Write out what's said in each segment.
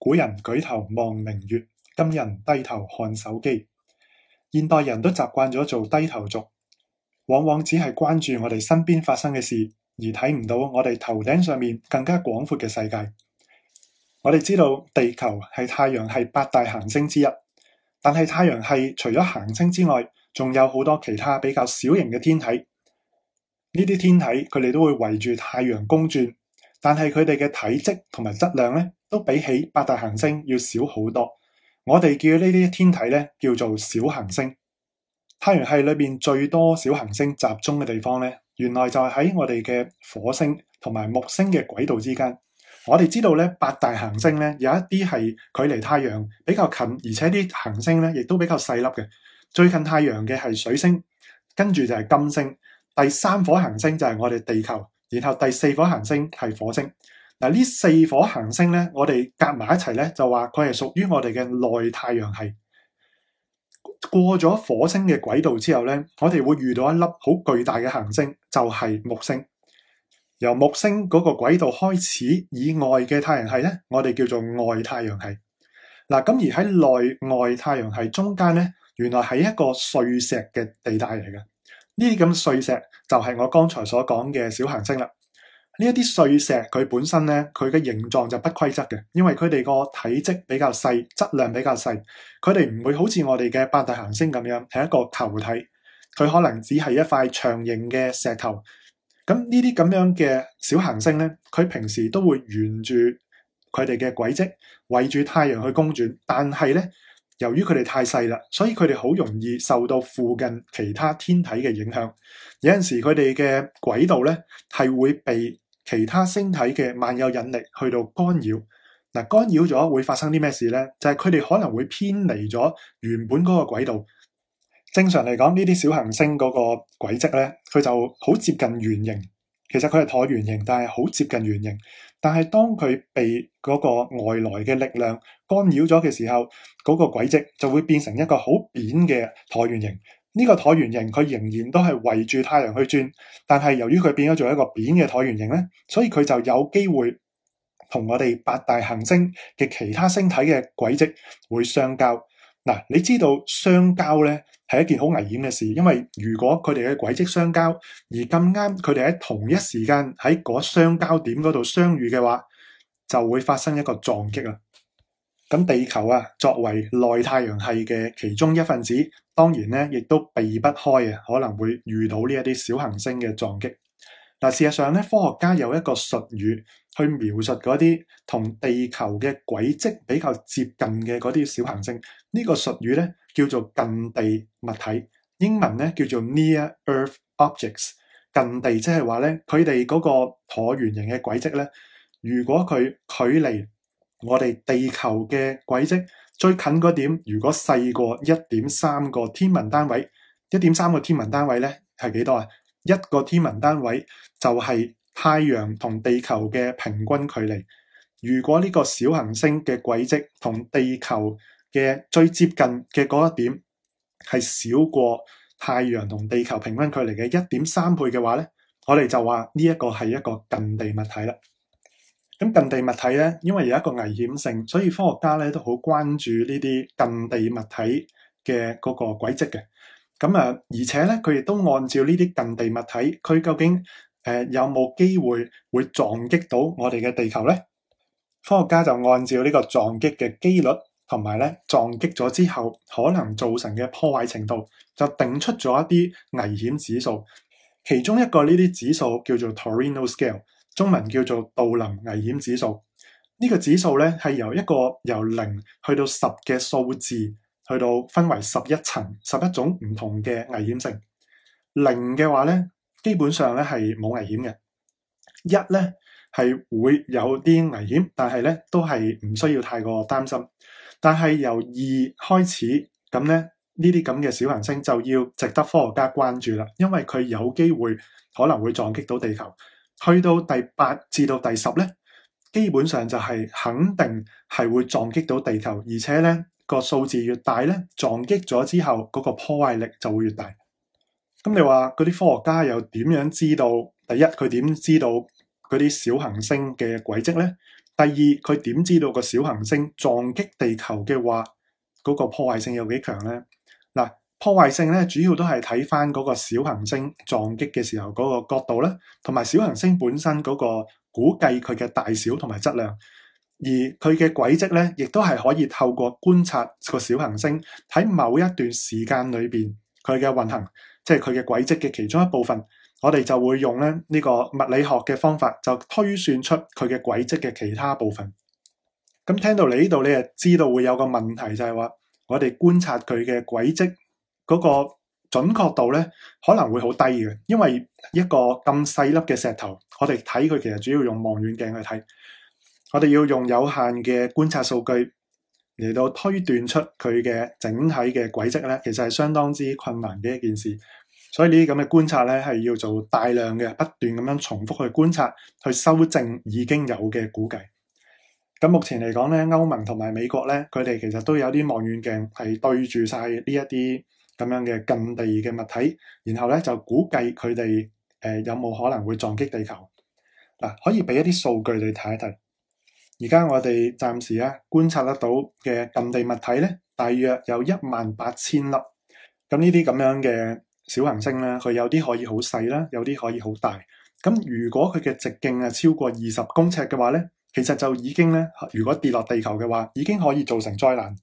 古人舉頭望明月，今人低頭看手機。現代人都習慣咗做低頭族，往往只係關注我哋身邊發生嘅事，而睇唔到我哋頭頂上面更加廣闊嘅世界。我哋知道地球係太陽系八大行星之一，但係太陽系除咗行星之外，仲有好多其他比較小型嘅天體。呢啲天體，佢哋都會圍住太陽公轉，但係佢哋嘅體積同埋質量呢。都比起八大行星要少好多，我哋叫呢啲天體咧叫做小行星。太陽系裏面最多小行星集中嘅地方咧，原來就係喺我哋嘅火星同埋木星嘅軌道之間。我哋知道咧，八大行星咧有一啲係距離太陽比較近，而且啲行星咧亦都比較細粒嘅。最近太陽嘅係水星，跟住就係金星，第三顆行星就係我哋地球，然後第四顆行星係火星。嗱，呢四顆行星咧，我哋夾埋一齊咧，就話佢係屬於我哋嘅內太陽系。過咗火星嘅軌道之後咧，我哋會遇到一粒好巨大嘅行星，就係木星。由木星嗰個軌道開始以外嘅太陽系咧，我哋叫做外太陽系。嗱，咁而喺內外太陽系中間咧，原來係一個碎石嘅地帶嚟嘅。呢啲咁碎石就係我剛才所講嘅小行星啦。呢一啲碎石佢本身咧，佢嘅形狀就不規則嘅，因為佢哋個體積比較細，質量比較細，佢哋唔會好似我哋嘅八大行星咁樣係一個球體，佢可能只係一塊長形嘅石頭。咁呢啲咁樣嘅小行星咧，佢平時都會沿住佢哋嘅軌跡圍住太陽去公轉，但係咧，由於佢哋太細啦，所以佢哋好容易受到附近其他天體嘅影響，有陣時佢哋嘅軌道咧係會被其他星體嘅萬有引力去到干擾，嗱，干擾咗會發生啲咩事呢？就係佢哋可能會偏離咗原本嗰個軌道。正常嚟講，呢啲小行星嗰個軌跡呢，佢就好接近圓形。其實佢係橢圓形，但係好接近圓形。但係當佢被嗰個外來嘅力量干擾咗嘅時候，嗰個軌跡就會變成一個好扁嘅橢圓形。呢個橢圓形佢仍然都係圍住太陽去轉，但係由於佢變咗做一個扁嘅橢圓形呢，所以佢就有機會同我哋八大行星嘅其他星體嘅軌跡會相交。嗱，你知道相交呢係一件好危險嘅事，因為如果佢哋嘅軌跡相交而咁啱佢哋喺同一時間喺嗰相交點嗰度相遇嘅話，就會發生一個撞擊啦。咁地球啊，作為內太陽系嘅其中一份子。當然咧，亦都避不開嘅，可能會遇到呢一啲小行星嘅撞擊。嗱，事實上咧，科學家有一個術語去描述嗰啲同地球嘅軌跡比較接近嘅嗰啲小行星。這個、術呢個術語咧叫做近地物體，英文咧叫做 Near Earth Objects。近地即係話咧，佢哋嗰個橢圓形嘅軌跡咧，如果佢距離我哋地球嘅軌迹最近嗰點，如果細過一點三個天文單位，一點三個天文單位咧係幾多啊？一個天文單位就係太陽同地球嘅平均距離。如果呢個小行星嘅軌跡同地球嘅最接近嘅嗰一點係少過太陽同地球平均距離嘅一點三倍嘅話咧，我哋就話呢一個係一個近地物體啦。咁近地物體咧，因為有一個危險性，所以科學家咧都好關注呢啲近地物體嘅嗰個軌跡嘅。咁啊，而且咧，佢亦都按照呢啲近地物體，佢究竟誒、呃、有冇機會會撞擊到我哋嘅地球咧？科學家就按照呢個撞擊嘅機率，同埋咧撞擊咗之後可能造成嘅破壞程度，就定出咗一啲危險指數。其中一個呢啲指數叫做 Torino Scale。中文叫做杜林危險指數，呢個指數咧係由一個由零去到十嘅數字，去到分為十一層、十一種唔同嘅危險性。零嘅話咧，基本上咧係冇危險嘅。一咧係會有啲危險，但係咧都係唔需要太過擔心。但係由二開始咁咧，呢啲咁嘅小行星就要值得科學家關注啦，因為佢有機會可能會撞擊到地球。去到第八至到第十咧，基本上就係肯定係會撞擊到地球，而且咧個數字越大咧，撞擊咗之後嗰個破壞力就會越大。咁，嗯，你話嗰啲科學家又點樣知道？第一，佢點知道嗰啲小行星嘅軌跡咧？第二，佢點知道個小行星撞擊地球嘅話，嗰個破壞性有幾強咧？破壞性咧，主要都係睇翻嗰個小行星撞擊嘅時候嗰個角度咧，同埋小行星本身嗰個估計佢嘅大小同埋質量，而佢嘅軌跡咧，亦都係可以透過觀察個小行星喺某一段時間裏邊佢嘅運行，即係佢嘅軌跡嘅其中一部分，我哋就會用咧呢個物理學嘅方法就推算出佢嘅軌跡嘅其他部分。咁聽到你呢度，你就知道會有個問題就係話，我哋觀察佢嘅軌跡。嗰個準確度咧可能會好低嘅，因為一個咁細粒嘅石頭，我哋睇佢其實主要用望遠鏡去睇，我哋要用有限嘅觀察數據嚟到推斷出佢嘅整體嘅軌跡咧，其實係相當之困難嘅一件事。所以呢啲咁嘅觀察咧，係要做大量嘅不斷咁樣重複去觀察，去修正已經有嘅估計。咁目前嚟講咧，歐盟同埋美國咧，佢哋其實都有啲望遠鏡係對住晒呢一啲咁樣嘅近地嘅物體，然後咧就估計佢哋誒有冇可能會撞擊地球嗱、啊，可以俾一啲數據你睇一睇。而家我哋暫時咧、啊、觀察得到嘅近地物體咧，大約有一萬八千粒。咁呢啲咁樣嘅小行星咧，佢有啲可以好細啦，有啲可以好大。咁如果佢嘅直徑啊超過二十公尺嘅話咧，其實就已經咧，如果跌落地球嘅話，已經可以造成災難。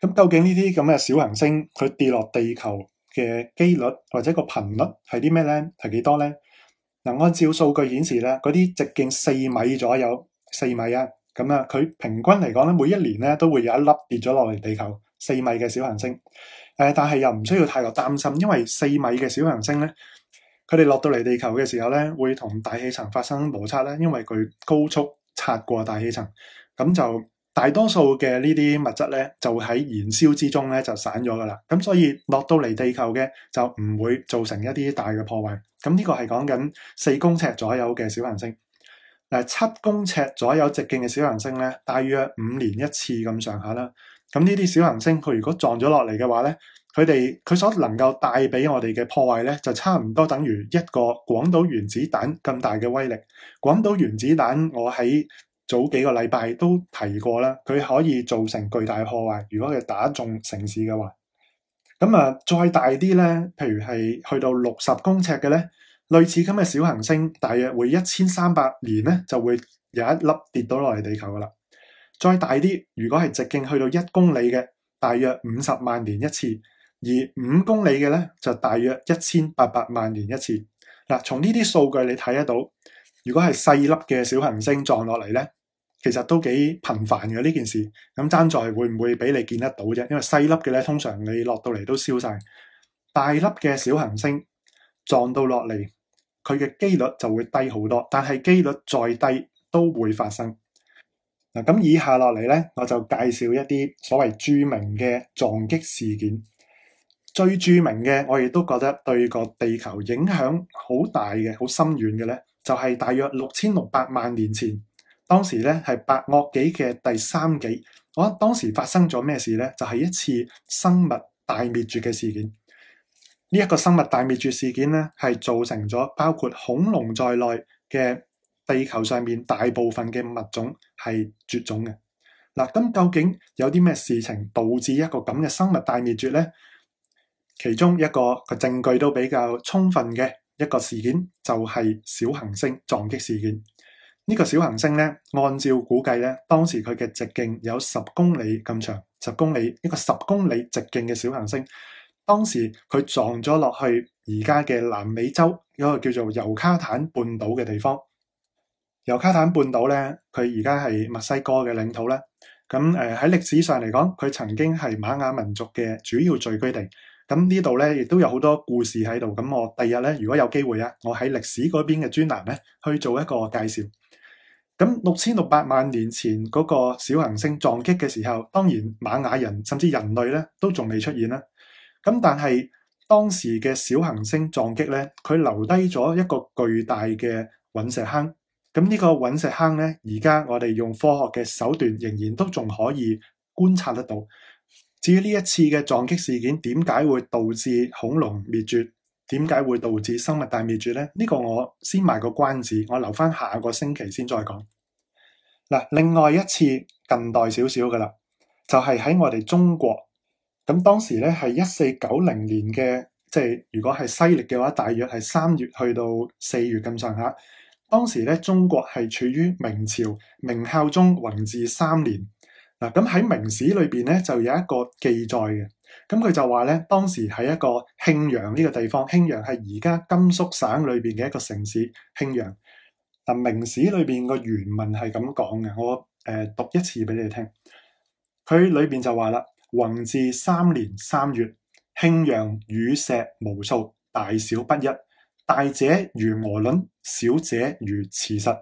咁究竟呢啲咁嘅小行星佢跌落地球嘅機率或者個頻率係啲咩咧？係幾多咧？能按照數據顯示咧，嗰啲直徑四米左右四米啊，咁啊，佢平均嚟講咧，每一年咧都會有一粒跌咗落嚟地球四米嘅小行星。誒、呃，但係又唔需要太過擔心，因為四米嘅小行星咧，佢哋落到嚟地球嘅時候咧，會同大氣層發生摩擦咧，因為佢高速擦過大氣層，咁就。大多數嘅呢啲物質咧，就喺燃燒之中咧就散咗噶啦。咁所以落到嚟地球嘅，就唔會造成一啲大嘅破壞。咁呢個係講緊四公尺左右嘅小行星。嗱，七公尺左右直徑嘅小行星咧，大約五年一次咁上下啦。咁呢啲小行星佢如果撞咗落嚟嘅話咧，佢哋佢所能夠帶俾我哋嘅破壞咧，就差唔多等於一個廣島原子彈咁大嘅威力。廣島原子彈我喺。早幾個禮拜都提過啦，佢可以造成巨大破壞，如果佢打中城市嘅話，咁啊再大啲咧，譬如係去到六十公尺嘅咧，類似咁嘅小行星，大約會一千三百年咧就會有一粒跌到落嚟地球噶啦。再大啲，如果係直徑去到一公里嘅，大約五十萬年一次；而五公里嘅咧就大約一千八百萬年一次。嗱，啊，從呢啲數據你睇得到，如果係細粒嘅小行星撞落嚟咧，其實都幾頻繁嘅呢件事，咁爭在會唔會俾你見得到啫？因為細粒嘅咧，通常你落到嚟都燒晒，大粒嘅小行星撞到落嚟，佢嘅幾率就會低好多。但係幾率再低，都會發生。嗱，咁以下落嚟呢，我就介紹一啲所謂著名嘅撞擊事件。最著名嘅，我亦都覺得對個地球影響好大嘅、好深遠嘅呢，就係、是、大約六千六百萬年前。當時咧，係白堊紀嘅第三紀，我、啊、當時發生咗咩事呢？就係、是、一次生物大滅絕嘅事件。呢、這、一個生物大滅絕事件呢，係造成咗包括恐龍在內嘅地球上面大部分嘅物種係絕種嘅。嗱、啊，咁究竟有啲咩事情導致一個咁嘅生物大滅絕呢？其中一個嘅證據都比較充分嘅一個事件，就係、是、小行星撞擊事件。呢個小行星咧，按照估計咧，當時佢嘅直徑有十公里咁長，十公里一個十公里直徑嘅小行星，當時佢撞咗落去而家嘅南美洲一個叫做尤卡坦半島嘅地方。尤卡坦半島咧，佢而家係墨西哥嘅領土啦。咁誒喺歷史上嚟講，佢曾經係瑪雅民族嘅主要聚居地。咁呢度咧亦都有好多故事喺度。咁我第日咧，如果有機會啊，我喺歷史嗰邊嘅專欄咧去做一個介紹。咁六千六百萬年前嗰個小行星撞擊嘅時候，當然瑪雅人，甚至人類咧都仲未出現啦。咁但係當時嘅小行星撞擊咧，佢留低咗一個巨大嘅隕石坑。咁呢個隕石坑咧，而家我哋用科學嘅手段仍然都仲可以觀察得到。至於呢一次嘅撞擊事件，點解會導致恐龍滅絕？點解會導致生物大滅絕呢？呢、這個我先賣個關子，我留翻下個星期先再講。嗱，另外一次近代少少噶啦，就係、是、喺我哋中國，咁當時呢係一四九零年嘅，即、就、係、是、如果係西曆嘅話，大約係三月去到四月咁上下。當時呢中國係處於明朝明孝宗弘治三年。嗱，咁喺明史裏邊咧，就有一個記載嘅，咁佢就話咧，當時喺一個慶陽呢個地方，慶陽係而家甘肅省裏邊嘅一個城市，慶陽。嗱，明史裏邊個原文係咁講嘅，我誒讀一次俾你聽，佢裏邊就話啦，弘治三年三月，慶陽雨石無數，大小不一，大者如鵝卵，小者如瓷實。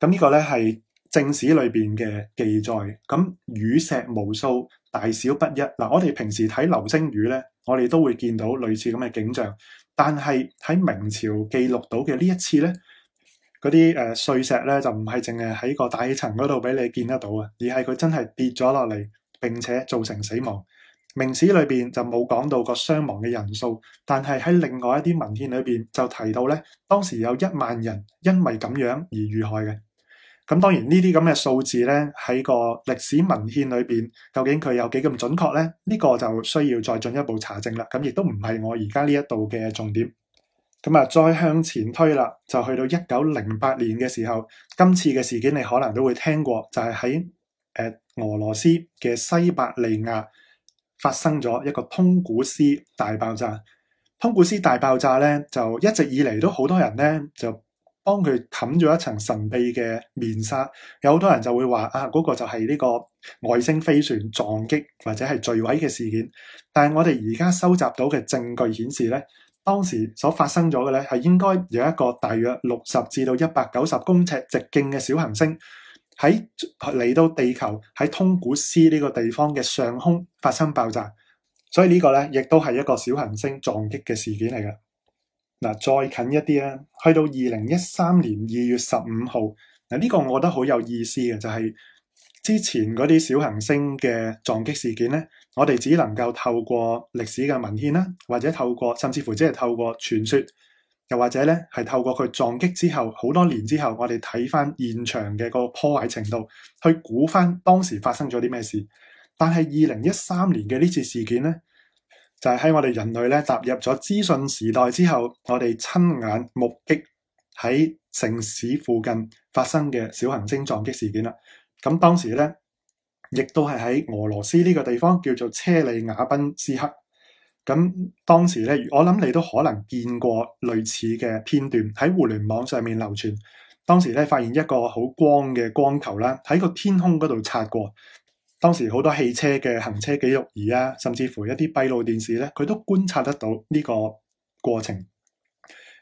咁呢個咧係正史裏邊嘅記載，咁雨石無數，大小不一。嗱，我哋平時睇流星雨咧，我哋都會見到類似咁嘅景象。但係喺明朝記錄到嘅呢一次咧，嗰啲誒碎石咧就唔係淨係喺個大氣層嗰度俾你見得到啊，而係佢真係跌咗落嚟，並且造成死亡。明史裏邊就冇講到個傷亡嘅人數，但係喺另外一啲文獻裏邊就提到咧，當時有一萬人因為咁樣而遇害嘅。咁當然呢啲咁嘅數字呢，喺個歷史文獻裏邊，究竟佢有幾咁準確呢？呢個就需要再進一步查證啦。咁亦都唔係我而家呢一度嘅重點。咁啊，再向前推啦，就去到一九零八年嘅時候，今次嘅事件你可能都會聽過，就係喺誒俄羅斯嘅西伯利亞發生咗一個通古斯大爆炸。通古斯大爆炸呢，就一直以嚟都好多人呢。就。幫佢冚咗一層神秘嘅面紗，有好多人就會話：啊，嗰個就係呢個外星飛船撞擊或者係墜毀嘅事件。但係我哋而家收集到嘅證據顯示咧，當時所發生咗嘅咧係應該有一個大約六十至到一百九十公尺直徑嘅小行星喺嚟到地球，喺通古斯呢個地方嘅上空發生爆炸，所以呢個咧亦都係一個小行星撞擊嘅事件嚟嘅。嗱，再近一啲啊，去到二零一三年二月十五號，嗱，呢個我覺得好有意思嘅，就係之前嗰啲小行星嘅撞擊事件咧，我哋只能夠透過歷史嘅文獻啦，或者透過甚至乎只係透過傳說，又或者咧係透過佢撞擊之後好多年之後，我哋睇翻現場嘅個破壞程度，去估翻當時發生咗啲咩事，但係二零一三年嘅呢次事件咧。就係喺我哋人類咧踏入咗資訊時代之後，我哋親眼目擊喺城市附近發生嘅小行星撞擊事件啦。咁當時咧，亦都係喺俄羅斯呢個地方叫做車里雅賓斯克。咁當時咧，我諗你都可能見過類似嘅片段喺互聯網上面流傳。當時咧，發現一個好光嘅光球啦，喺個天空嗰度擦過。當時好多汽車嘅行車記錄儀啊，甚至乎一啲閉路電視咧，佢都觀察得到呢個過程。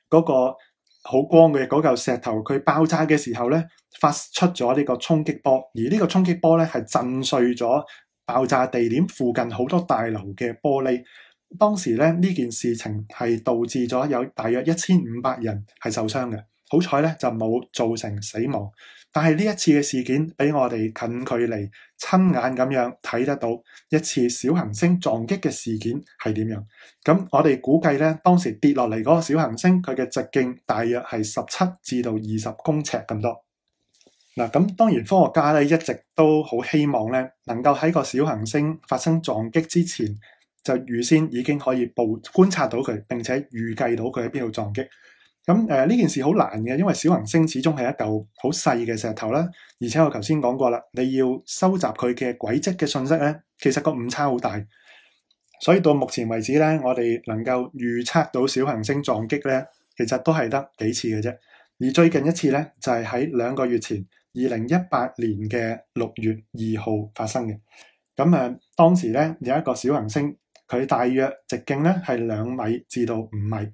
嗰個好光嘅嗰嚿石頭，佢爆炸嘅時候咧，發出咗呢個衝擊波，而呢個衝擊波咧係震碎咗爆炸地點附近好多大樓嘅玻璃。當時咧，呢件事情係導致咗有大約一千五百人係受傷嘅，好彩咧就冇造成死亡。但係呢一次嘅事件俾我哋近距離，親眼咁樣睇得到一次小行星撞擊嘅事件係點樣？咁我哋估計呢，當時跌落嚟嗰個小行星佢嘅直徑大約係十七至到二十公尺咁多。嗱，咁當然科學家呢一直都好希望呢，能夠喺個小行星發生撞擊之前，就預先已經可以捕觀察到佢，並且預計到佢喺邊度撞擊。咁誒，呢件事好難嘅，因為小行星始終係一嚿好細嘅石頭啦。而且我頭先講過啦，你要收集佢嘅軌跡嘅信息咧，其實個誤差好大。所以到目前為止咧，我哋能夠預測到小行星撞擊咧，其實都係得幾次嘅啫。而最近一次咧，就係喺兩個月前，二零一八年嘅六月二號發生嘅。咁誒，當時咧，有一個小行星，佢大約直徑咧係兩米至到五米。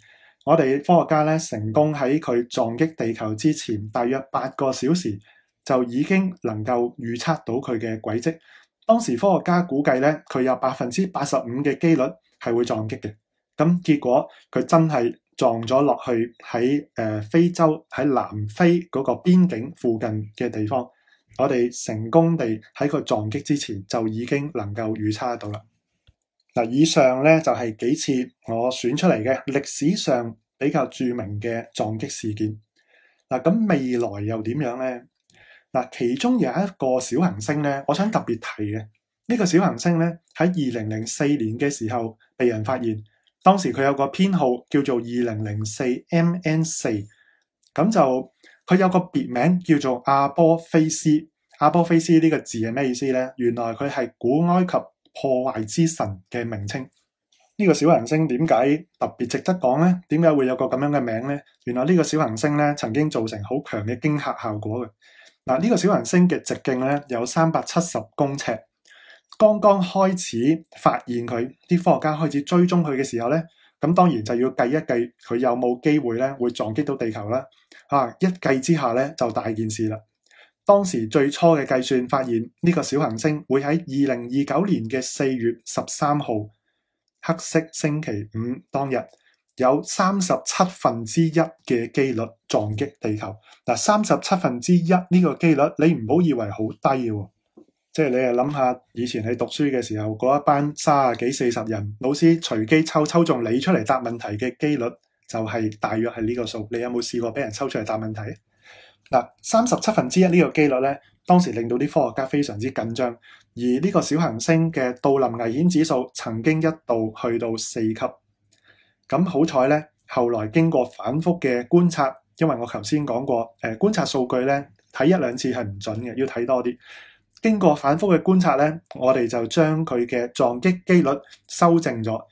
我哋科學家咧，成功喺佢撞擊地球之前大約八個小時就已經能夠預測到佢嘅軌跡。當時科學家估計咧，佢有百分之八十五嘅幾率係會撞擊嘅。咁結果佢真係撞咗落去，喺誒、呃、非洲，喺南非嗰個邊境附近嘅地方。我哋成功地喺佢撞擊之前就已經能夠預測得到啦。嗱，以上咧就係幾次我選出嚟嘅歷史上比較著名嘅撞擊事件。嗱，咁未來又點樣呢？嗱，其中有一個小行星呢，我想特別提嘅。呢個小行星呢，喺二零零四年嘅時候被人發現，當時佢有個編號叫做二零零四 M N 四，咁就佢有個別名叫做阿波菲斯。阿波菲斯呢個字係咩意思呢？原來佢係古埃及破壞之神嘅名稱，呢個小行星點解特別值得講？呢點解會有個咁樣嘅名呢？原來呢個小行星咧，曾經造成好強嘅驚嚇效果嘅。嗱，呢個小行星嘅直徑呢，有三百七十公尺，剛剛開始發現佢，啲科學家開始追蹤佢嘅時候呢，咁當然就要計一計佢有冇機會咧會撞擊到地球啦。啊，一計之下呢，就大件事啦。當時最初嘅計算發現，呢、這個小行星會喺二零二九年嘅四月十三號，黑色星期五當日，有三十七分之一嘅機率撞擊地球。嗱，三十七分之一呢個機率，你唔好以為好低嘅，即係你係諗下，以前你讀書嘅時候，嗰一班三十幾四十人，老師隨機抽抽中你出嚟答問題嘅機率，就係、是、大約係呢個數。你有冇試過俾人抽出嚟答問題？三十七分之一呢個機率呢，當時令到啲科學家非常之緊張，而呢個小行星嘅杜林危險指數曾經一度去到四級，咁好彩呢，後來經過反覆嘅觀察，因為我頭先講過，誒、呃、觀察數據呢睇一兩次係唔準嘅，要睇多啲。經過反覆嘅觀察呢，我哋就將佢嘅撞擊機率修正咗。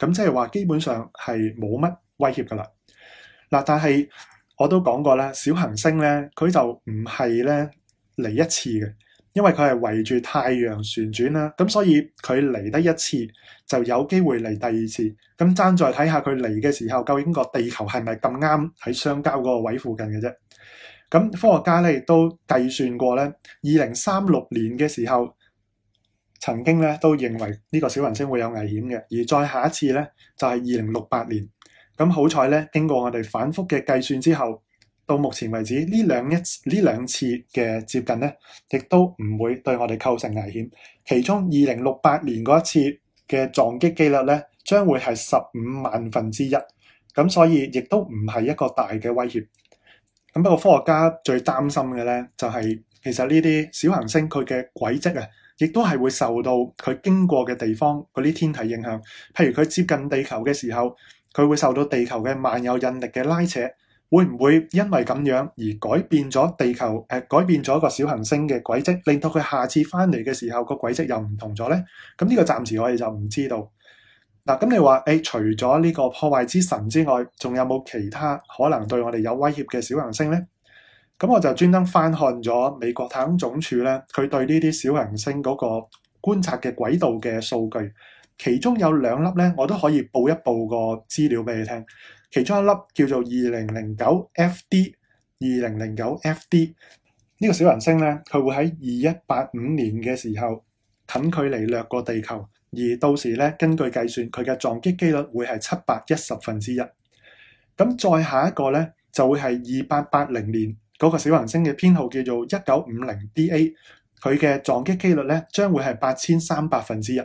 咁即係話，基本上係冇乜威脅噶啦。嗱，但係我都講過咧，小行星咧，佢就唔係咧嚟一次嘅，因為佢係圍住太陽旋轉啦。咁所以佢嚟得一次，就有機會嚟第二次。咁爭在睇下佢嚟嘅時候，究竟個地球係咪咁啱喺相交個位附近嘅啫。咁科學家咧亦都計算過咧，二零三六年嘅時候。曾經咧都認為呢個小行星會有危險嘅，而再下一次呢，就係二零六八年。咁好彩呢，經過我哋反覆嘅計算之後，到目前為止呢兩一呢兩次嘅接近呢，亦都唔會對我哋構成危險。其中二零六八年嗰一次嘅撞擊機率呢，將會係十五萬分之一。咁所以亦都唔係一個大嘅威脅。咁不過科學家最擔心嘅呢，就係其實呢啲小行星佢嘅軌跡啊。亦都係會受到佢經過嘅地方嗰啲天體影響，譬如佢接近地球嘅時候，佢會受到地球嘅萬有引力嘅拉扯，會唔會因為咁樣而改變咗地球誒改變咗個小行星嘅軌跡，令到佢下次翻嚟嘅時候個軌跡又唔同咗呢？咁呢個暫時我哋就唔知道。嗱，咁你話誒，除咗呢個破壞之神之外，仲有冇其他可能對我哋有威脅嘅小行星呢？咁我就專登翻看咗美國太空總署咧，佢對呢啲小行星嗰個觀察嘅軌道嘅數據，其中有兩粒咧，我都可以報一報個資料俾你聽。其中一粒叫做二零零九 FD，二零零九 FD 呢個小行星咧，佢會喺二一八五年嘅時候近距離掠過地球，而到時咧，根據計算佢嘅撞擊機率會係七百一十分之一。咁再下一個咧就會係二八八零年。嗰個小行星嘅編號叫做一九五零 DA，佢嘅撞擊機率咧將會係八千三百分之一。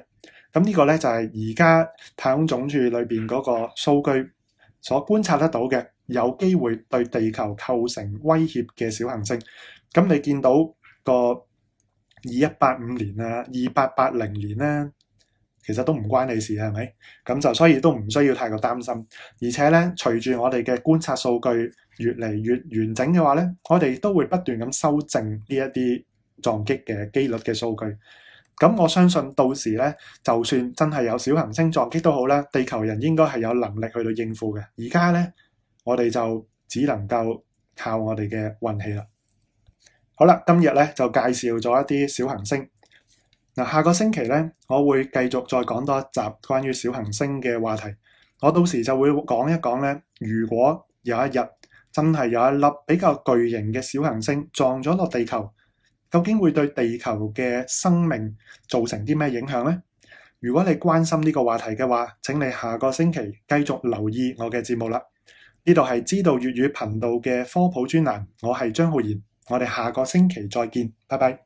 咁呢個咧就係而家太空總署裏邊嗰個數據所觀察得到嘅，有機會對地球構成威脅嘅小行星。咁你見到個二一八五年啊，二八八零年咧。其實都唔關你事嘅，係咪？咁就，所以都唔需要太過擔心。而且咧，隨住我哋嘅觀察數據越嚟越完整嘅話咧，我哋都會不斷咁修正呢一啲撞擊嘅機率嘅數據。咁我相信到時咧，就算真係有小行星撞擊都好啦，地球人應該係有能力去到應付嘅。而家咧，我哋就只能夠靠我哋嘅運氣啦。好啦，今日咧就介紹咗一啲小行星。嗱，下個星期咧，我會繼續再講多一集關於小行星嘅話題。我到時就會講一講咧，如果有一日真係有一粒比較巨型嘅小行星撞咗落地球，究竟會對地球嘅生命造成啲咩影響呢？如果你關心呢個話題嘅話，請你下個星期繼續留意我嘅節目啦。呢度係知道粵語頻道嘅科普專欄，我係張浩然，我哋下個星期再見，拜拜。